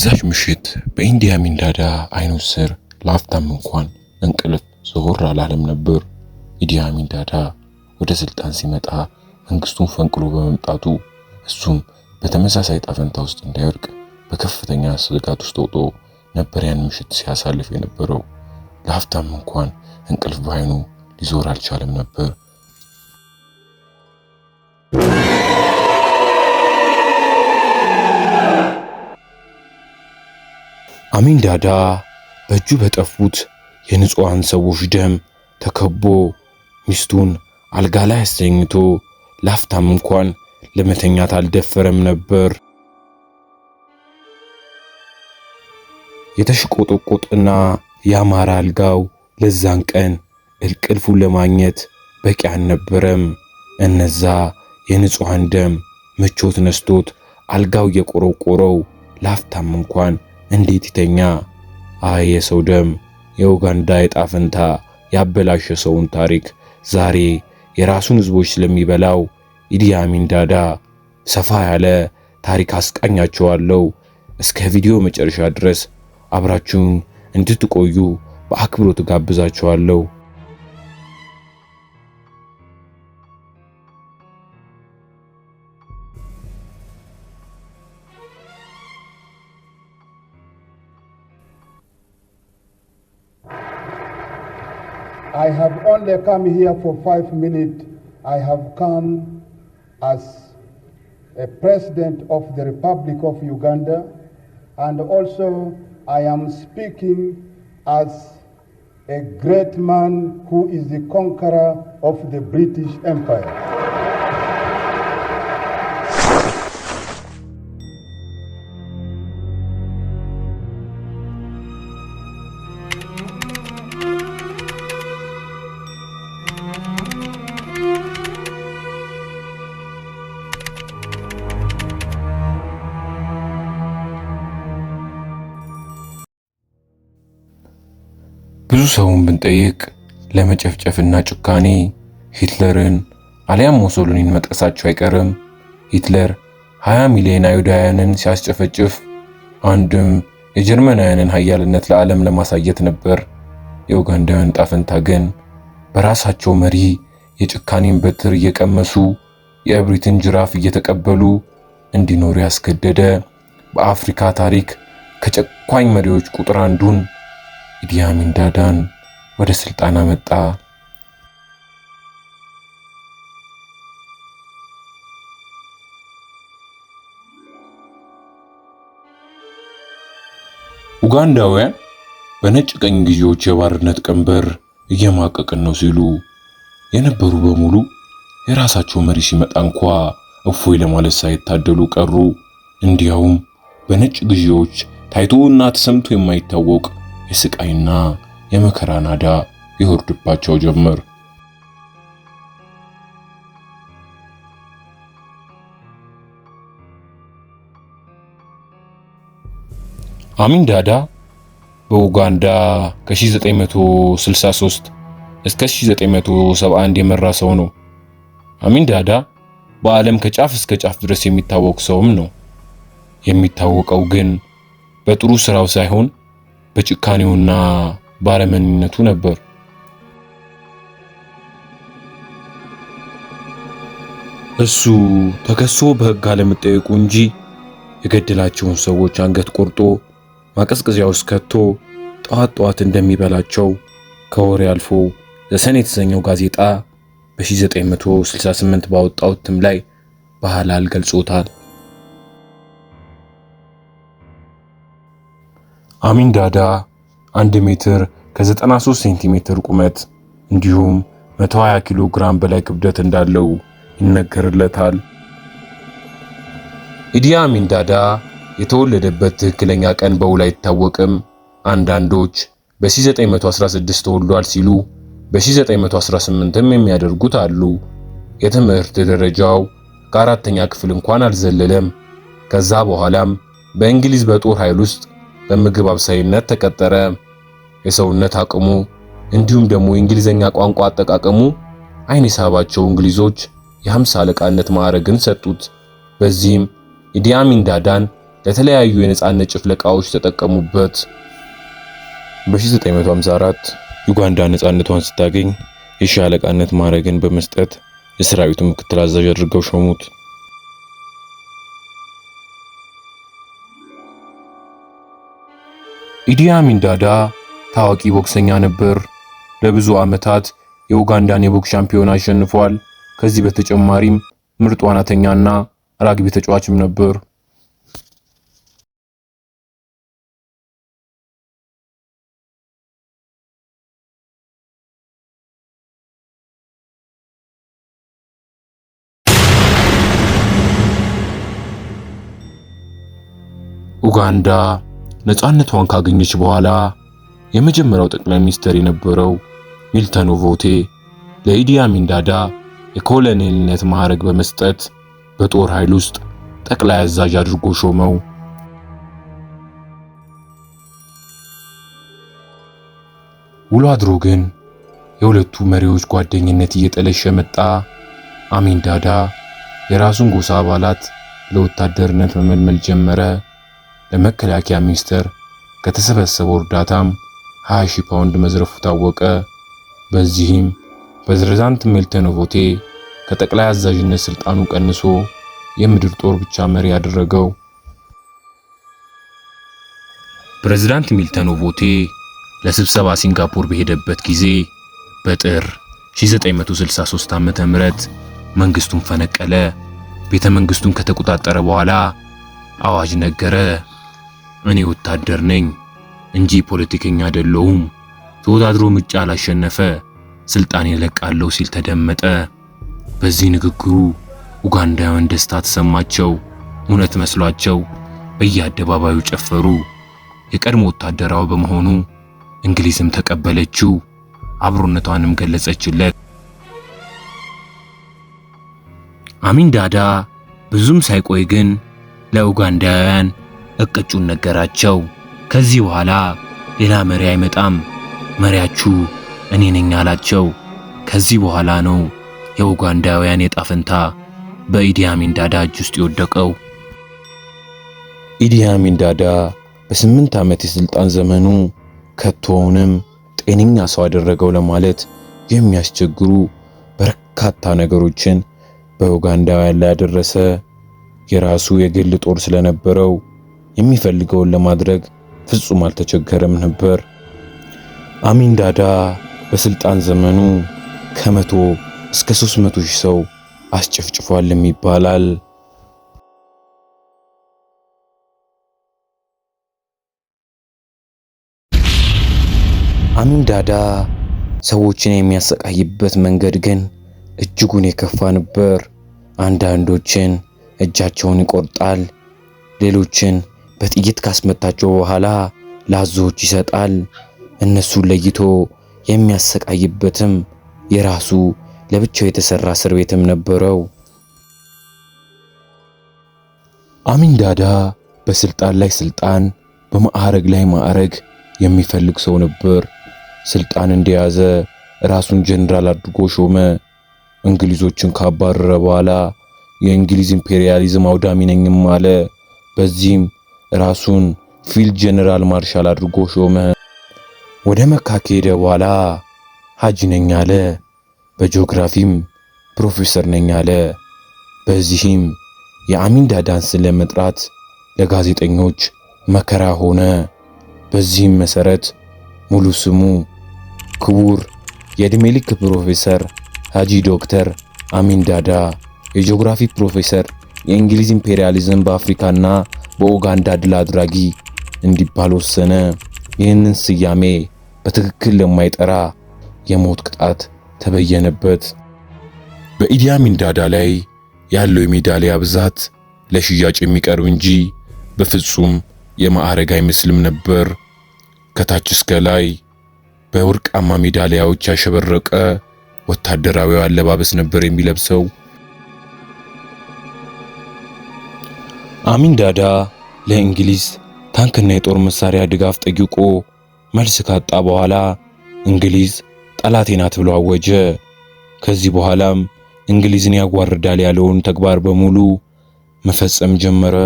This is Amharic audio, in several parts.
በዛች ምሽት በኢንዲያ ሚንዳዳ አይኖች ስር ለአፍታም እንኳን እንቅልፍ ዞር አላለም ነበር። ኢንዲያ ሚንዳዳ ወደ ስልጣን ሲመጣ መንግስቱን ፈንቅሎ በመምጣቱ እሱም በተመሳሳይ ጣፈንታ ውስጥ እንዳይወድቅ በከፍተኛ ስጋት ውስጥ ወጥቶ ነበር ያን ምሽት ሲያሳልፍ የነበረው። ለአፍታም እንኳን እንቅልፍ በአይኑ ሊዞር አልቻለም ነበር። አሚንዳዳ በእጁ በጠፉት የንጹሐን ሰዎች ደም ተከቦ ሚስቱን አልጋ ላይ አስተኝቶ ላፍታም እንኳን ለመተኛት አልደፈረም ነበር። የተሽቆጠቆጠና ያማረ አልጋው ለዛን ቀን እንቅልፉን ለማግኘት በቂ አልነበረም። እነዛ የንጹሐን ደም ምቾት ነስቶት አልጋው እየቆረቆረው ላፍታም እንኳን እንዴት ይተኛ? አይ የሰው ደም! የኡጋንዳ ዕጣ ፈንታ ያበላሸ ሰውን ታሪክ ዛሬ የራሱን ህዝቦች ስለሚበላው ኢዲያሚን ዳዳ ሰፋ ያለ ታሪክ አለው። እስከ ቪዲዮ መጨረሻ ድረስ አብራችሁን እንድትቆዩ በአክብሮት ጋብዛችኋለሁ። I have only come here for five minutes. I have come as a president of the Republic of Uganda, and also I am speaking as a great man who is the conqueror of the British Empire. ሰውን ብንጠይቅ ለመጨፍጨፍና ጭካኔ ሂትለርን አሊያም ሞሶሎኒን መጥቀሳቸው አይቀርም። ሂትለር 20 ሚሊዮን አይሁዳውያንን ሲያስጨፈጭፍ አንድም የጀርመናውያንን ኃያልነት ለዓለም ለማሳየት ነበር። የኡጋንዳውያን ጣፈንታ ግን በራሳቸው መሪ የጭካኔን በትር እየቀመሱ የእብሪትን ጅራፍ እየተቀበሉ እንዲኖሩ ያስገደደ በአፍሪካ ታሪክ ከጨቋኝ መሪዎች ቁጥር አንዱን ኢዲያሚን ዳዳን ወደ ስልጣን አመጣ። ኡጋንዳውያን በነጭ ቀኝ ገዢዎች የባርነት ቀንበር እየማቀቅን ነው ሲሉ የነበሩ በሙሉ የራሳቸው መሪ ሲመጣ እንኳ እፎይ ለማለት ሳይታደሉ ቀሩ። እንዲያውም በነጭ ታይቶ እና ተሰምቶ የማይታወቅ የስቃይና የመከራ ናዳ ይወርድባቸው ጀመር። አሚንዳዳ በኡጋንዳ ከ1963 እስከ 1971 የመራ ሰው ነው። አሚንዳዳ በዓለም ከጫፍ እስከ ጫፍ ድረስ የሚታወቅ ሰውም ነው። የሚታወቀው ግን በጥሩ ስራው ሳይሆን በጭካኔውና ባረመኔነቱ ነበር። እሱ ተከሶ በሕግ አለመጠየቁ እንጂ የገደላቸውን ሰዎች አንገት ቆርጦ ማቀዝቀዣ ውስጥ ከቶ ጠዋት ጠዋት እንደሚበላቸው ከወሬ አልፎ ዘሰን የተሰኘው ጋዜጣ በ1968 ባወጣው እትም ላይ በሐላል ገልጾታል። አሚንዳዳ 1 ሜትር ከ93 ሴንቲሜትር ቁመት እንዲሁም 120 ኪሎ ግራም በላይ ክብደት እንዳለው ይነገርለታል። ኢዲ አሚን ዳዳ የተወለደበት ትክክለኛ ቀን በውል አይታወቅም። አንዳንዶች በ1916 ተወልዷል ሲሉ በ1918ም የሚያደርጉት አሉ። የትምህርት ደረጃው ከአራተኛ ክፍል እንኳን አልዘለለም። ከዛ በኋላም በእንግሊዝ በጦር ኃይል ውስጥ በምግብ አብሳይነት ተቀጠረ። የሰውነት አቅሙ እንዲሁም ደግሞ የእንግሊዘኛ ቋንቋ አጠቃቀሙ አይን የሳባቸው እንግሊዞች የሀምሳ አለቃነት ማዕረግን ሰጡት። በዚህም ኢዲ አሚን ዳዳን ለተለያዩ የነጻነት ጭፍለቃዎች ተጠቀሙበት። በ1954 ዩጋንዳ ነጻነቷን ስታገኝ የሻለቃነት ማዕረግን በመስጠት የሰራዊቱ ምክትል አዛዥ አድርገው ሾሙት። ኢዲ አሚን ዳዳ ታዋቂ ቦክሰኛ ነበር። ለብዙ ዓመታት የኡጋንዳን የቦክስ ሻምፒዮና አሸንፏል። ከዚህ በተጨማሪም ምርጥ ዋናተኛና ራግቢ ተጫዋችም ነበር። ኡጋንዳ ነፃነቷን ካገኘች በኋላ የመጀመሪያው ጠቅላይ ሚኒስትር የነበረው ሚልተን ኦቮቴ ለኢዲ አሚን ዳዳ የኮሎኔልነት ማዕረግ በመስጠት በጦር ኃይል ውስጥ ጠቅላይ አዛዥ አድርጎ ሾመው። ውሎ አድሮ ግን የሁለቱ መሪዎች ጓደኝነት እየጠለሸ መጣ። አሚን ዳዳ የራሱን ጎሳ አባላት ለወታደርነት መመልመል ጀመረ። ለመከላከያ ሚኒስቴር ከተሰበሰበው እርዳታም 20 ፓውንድ መዝረፉ ታወቀ። በዚህም ፕሬዝዳንት ሚልተን ኦቦቴ ከጠቅላይ አዛዥነት ስልጣኑ ቀንሶ የምድር ጦር ብቻ መሪ ያደረገው። ፕሬዝዳንት ሚልተን ኦቦቴ ለስብሰባ ሲንጋፖር በሄደበት ጊዜ በጥር 1963 ዓመተ ምህረት መንግስቱን ፈነቀለ። ቤተ መንግስቱን ከተቆጣጠረ በኋላ አዋጅ ነገረ። እኔ ወታደር ነኝ እንጂ ፖለቲከኛ አይደለሁም። ተወዳድሮ ምርጫ አላሸነፈ ስልጣን ይለቃለሁ ሲል ተደመጠ። በዚህ ንግግሩ ኡጋንዳውያን ደስታ ተሰማቸው። እውነት መስሏቸው በየአደባባዩ ጨፈሩ። የቀድሞ ወታደራዊ በመሆኑ እንግሊዝም ተቀበለችው፣ አብሮነቷንም ገለጸችለት። አሚን ዳዳ ብዙም ሳይቆይ ግን ለኡጋንዳውያን እቅጩን ነገራቸው። ከዚህ በኋላ ሌላ መሪ አይመጣም፣ መሪያችሁ እኔ ነኝ አላቸው። ከዚህ በኋላ ነው የኡጋንዳውያን የጣፈንታ በኢዲያሚን ዳዳ እጅ ውስጥ የወደቀው። ኢዲ ዳዳ በስምንት ዓመት የሥልጣን ዘመኑ ከቶውንም ጤነኛ ሰው አደረገው ለማለት የሚያስቸግሩ በርካታ ነገሮችን በኡጋንዳውያን ላይ ያደረሰ የራሱ የግል ጦር ስለነበረው የሚፈልገውን ለማድረግ ፍጹም አልተቸገረም ነበር። አሚን ዳዳ በስልጣን ዘመኑ ከመቶ እስከ 300 ሺህ ሰው አስጨፍጭፏልም ይባላል። አሚን ዳዳ ሰዎችን የሚያሰቃይበት መንገድ ግን እጅጉን የከፋ ነበር። አንዳንዶችን እጃቸውን ይቆርጣል፣ ሌሎችን በጥይት ካስመታቸው በኋላ ላዞዎች ይሰጣል። እነሱን ለይቶ የሚያሰቃይበትም የራሱ ለብቻው የተሰራ እስር ቤትም ነበረው። አሚንዳዳ በስልጣን ላይ ስልጣን፣ በማዕረግ ላይ ማዕረግ የሚፈልግ ሰው ነበር። ስልጣን እንደያዘ ራሱን ጀነራል አድርጎ ሾመ። እንግሊዞችን ካባረረ በኋላ የእንግሊዝ ኢምፔሪያሊዝም አውዳሚ ነኝም አለ። በዚህም ራሱን ፊልድ ጀነራል ማርሻል አድርጎ ሾመ። ወደ መካ ከሄደ በኋላ ሐጂ ነኝ አለ። በጂኦግራፊም ፕሮፌሰር ነኝ አለ። በዚህም የአሚንዳ ዳንስን ለመጥራት ለጋዜጠኞች መከራ ሆነ። በዚህም መሰረት ሙሉ ስሙ ክቡር የዕድሜ ልክ ፕሮፌሰር ሐጂ ዶክተር አሚን ዳዳ የጂኦግራፊ ፕሮፌሰር የእንግሊዝ ኢምፔሪያሊዝም በአፍሪካና በኡጋንዳ ድል አድራጊ እንዲባል ወሰነ። ይህንን ስያሜ በትክክል ለማይጠራ የሞት ቅጣት ተበየነበት። በኢዲ አሚን ዳዳ ላይ ያለው የሜዳሊያ ብዛት ለሽያጭ የሚቀርብ እንጂ በፍጹም የማዕረግ አይመስልም ነበር። ከታች እስከ ላይ በወርቃማ ሜዳሊያዎች ያሸበረቀ ወታደራዊ አለባበስ ነበር የሚለብሰው። አሚን ዳዳ ለእንግሊዝ ታንክና የጦር መሳሪያ ድጋፍ ጠይቆ መልስ ካጣ በኋላ እንግሊዝ ጠላቴ ናት ብሎ አወጀ። ከዚህ በኋላም እንግሊዝን ያዋርዳል ያለውን ተግባር በሙሉ መፈጸም ጀመረ።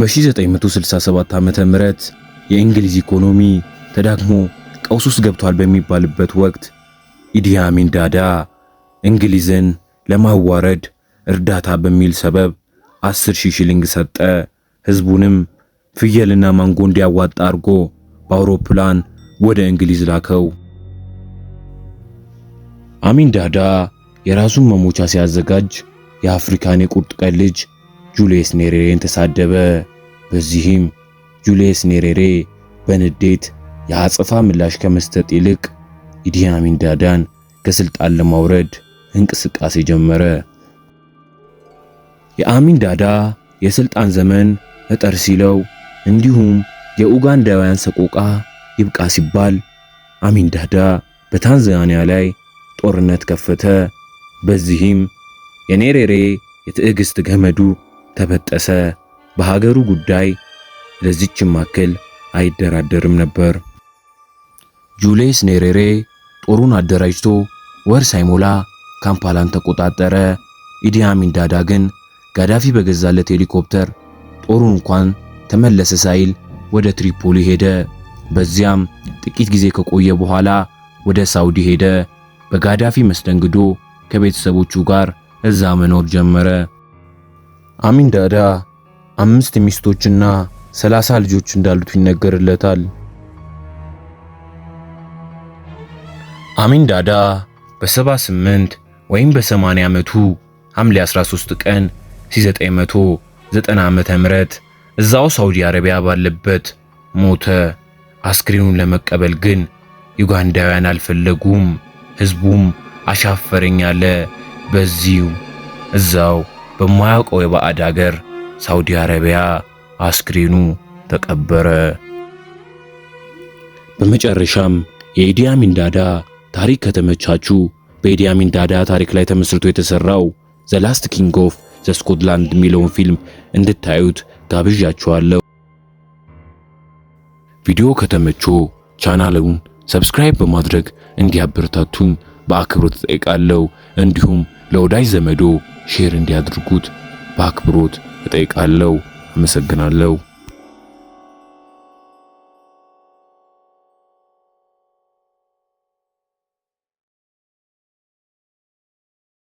በ1967 ዓ.ም የእንግሊዝ ኢኮኖሚ ተዳክሞ ቀውስ ውስጥ ገብቷል በሚባልበት ወቅት ኢዲ ዳዳ እንግሊዝን ለማዋረድ እርዳታ በሚል ሰበብ 10 ሺህ ሽሊንግ ሰጠ። ህዝቡንም ፍየልና ማንጎ እንዲያዋጣ አድርጎ በአውሮፕላን ወደ እንግሊዝ ላከው። አሚን ዳዳ የራሱን መሞቻ ሲያዘጋጅ የአፍሪካን የቁርጥ ቀን ልጅ ጁልየስ ኔሬሬን ተሳደበ። በዚህም ጁልየስ ኔሬሬ በንዴት የአጸፋ ምላሽ ከመስጠት ይልቅ ኢዲያሚን ዳዳን ከስልጣን ለማውረድ እንቅስቃሴ ጀመረ። የአሚን ዳዳ የስልጣን ዘመን እጠር ሲለው እንዲሁም የኡጋንዳውያን ሰቆቃ ይብቃ ሲባል አሚን ዳዳ በታንዛኒያ ላይ ጦርነት ከፈተ። በዚህም የኔሬሬ የትዕግስት ገመዱ ተበጠሰ። በሀገሩ ጉዳይ ለዚችም አክል አይደራደርም ነበር። ጁሌስ ኔሬሬ ጦሩን አደራጅቶ ወር ሳይሞላ ካምፓላን ተቆጣጠረ። ኢዲ አሚን ዳዳ ግን ጋዳፊ በገዛለት ሄሊኮፕተር ጦሩን እንኳን ተመለሰ ሳይል ወደ ትሪፖሊ ሄደ። በዚያም ጥቂት ጊዜ ከቆየ በኋላ ወደ ሳውዲ ሄደ። በጋዳፊ መስተንግዶ ከቤተሰቦቹ ጋር እዛ መኖር ጀመረ። አሚን ዳዳ አምስት ሚስቶችና ሰላሳ ልጆች እንዳሉት ይነገርለታል። አሚንዳዳ በ78 ወይም በ80 ዓመቱ ሐምሌ 13 ቀን 990 ዓ.ም እዛው ሳውዲ አረቢያ ባለበት ሞተ። አስክሬኑን ለመቀበል ግን ዩጋንዳውያን አልፈለጉም። ህዝቡም አሻፈረኝ አለ። በዚሁ እዛው በማያውቀው የባዕድ አገር ሳውዲ አረቢያ አስክሬኑ ተቀበረ። በመጨረሻም የኢዲያሚን ዳዳ ታሪክ ከተመቻችሁ በኢዲያሚን ዳዳ ታሪክ ላይ ተመስርቶ የተሰራው ዘ ላስት ኪንግ ኦፍ ዘ ስኮትላንድ የሚለውን ፊልም እንድታዩት ጋብዣችኋለሁ። ቪዲዮ ከተመቾ ቻናሉን ሰብስክራይብ በማድረግ እንዲያበረታቱን በአክብሮት እጠይቃለሁ። እንዲሁም ለወዳጅ ዘመዶ ሼር እንዲያድርጉት በአክብሮት እጠይቃለሁ። አመሰግናለሁ።